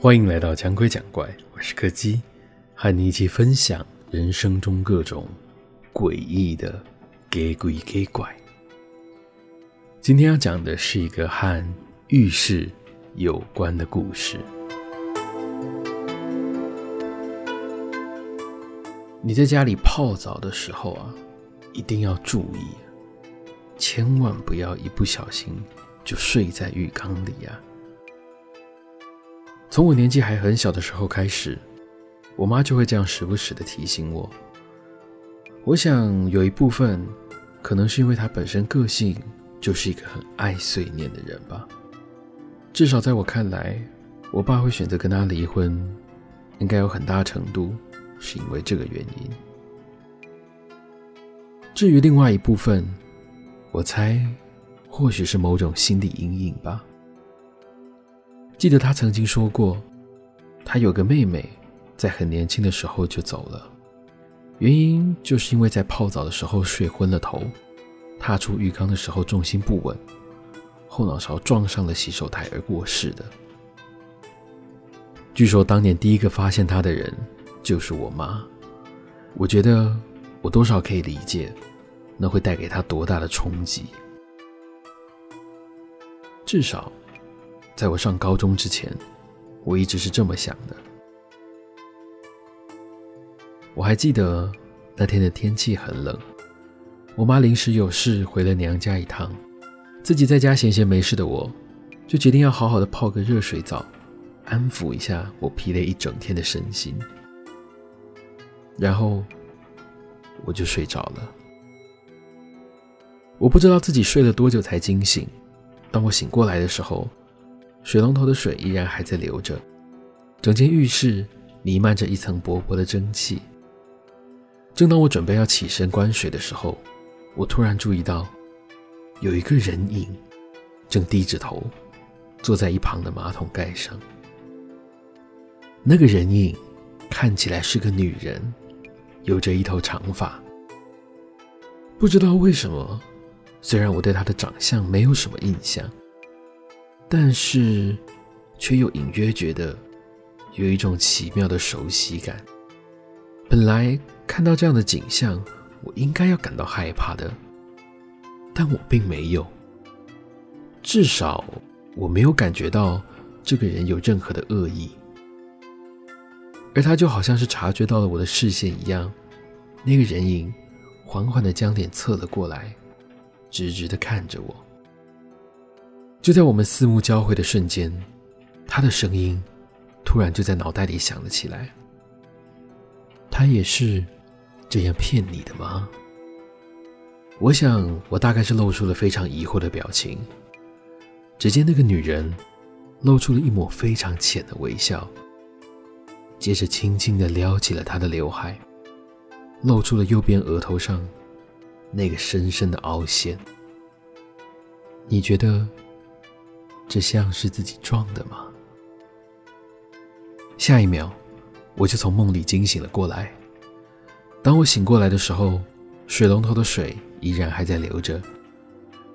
歡迎來到講鬼講怪，我是柯基，和你一起分享人生中各種詭異的假鬼假怪。今天要講的是一個和浴室有關的故事。你在家裡泡澡的時候啊，一定要注意。千萬不要一不小心就睡在浴缸裡啊！從我年紀還很小的時候開始，我媽就會這樣時不時的提醒我。我想有一部分可能是因為她本身個性就是一個很愛碎念的人吧。至少在我看來，我爸會選擇跟她離婚，應該有很大程度是因為這個原因。至於另外一部分，我猜，或許是某種心理陰影吧。記得他曾經說過，他有個妹妹，在很年輕的時候就走了，原因就是因為在泡澡的時候睡昏了頭，踏出浴缸的時候重心不穩，後腦勺撞上了洗手台而過世的。據說當年第一個發現她的人就是我媽，我覺得我多少可以理解。那會帶給他多大的衝擊？至少，在我上高中之前，我一直是這麼想的。我還記得那天的天氣很冷，我媽臨時有事回了娘家一趟，自己在家閒閒沒事的我，就決定要好好的泡個熱水澡，安撫一下我疲累一整天的身心。然後，我就睡着了。我不知道自己睡了多久才驚醒。當我醒過來的時候，水龍頭的水依然還在流着，整間浴室彌漫着一層薄薄的蒸汽。正當我準備要起身關水的時候，我突然注意到，有一個人影正低着頭，坐在一旁的馬桶蓋上。那個人影看起來是個女人，有着一頭長髮。不知道為什麼。雖然我對他的長相沒有什麼印象，但是卻又隱約覺得有一種奇妙的熟悉感。本來看到這樣的景象，我應該要感到害怕的，但我並沒有，至少我沒有感覺到這個人有任何的惡意。而他就好像是察覺到了我的視線一樣，那個人影緩緩的將臉側了過來。直直地看着我。就在我們四目交匯的瞬間，她的聲音突然就在腦袋裡響了起來：“他也是這樣騙你的嗎？”我想，我大概是露出了非常疑惑的表情。只見那個女人露出了一抹非常淺的微笑，接着輕輕地撩起了她的劉海，露出了右邊額頭上。那個深深的凹陷，你覺得這像是自己撞的嗎？下一秒，我就從夢裡驚醒了過來。當我醒過來的時候，水龍頭的水依然還在流着，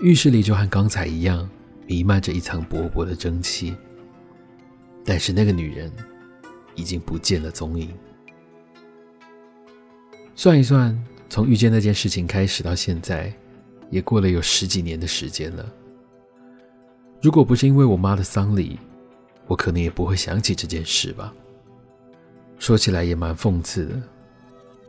浴室裡就和剛才一樣，瀰漫着一層薄薄的蒸汽。但是那個女人已經不見了蹤影。算一算。從遇見那件事情開始到現在，也過了有十幾年的時間了。如果不是因為我媽的喪禮，我可能也不會想起這件事吧。說起來也蠻諷刺的，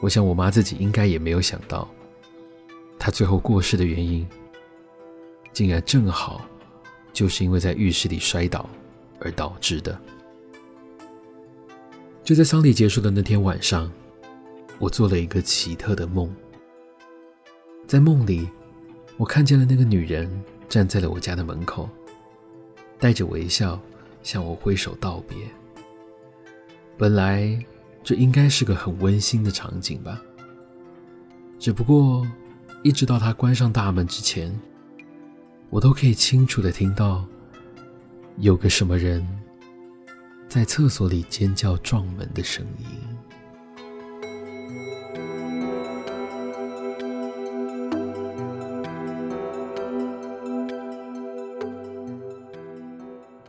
我想我媽自己應該也沒有想到，她最後過世的原因，竟然正好就是因為在浴室裡摔倒而導致的。就在喪禮結束的那天晚上，我做了一個奇特的夢，在夢裡，我看見了那個女人站在了我家的門口，帶着微笑向我揮手道別。本來這應該是個很溫馨的場景吧？只不過一直到她關上大門之前，我都可以清楚地聽到有個什麼人在廁所裡尖叫撞門的聲音。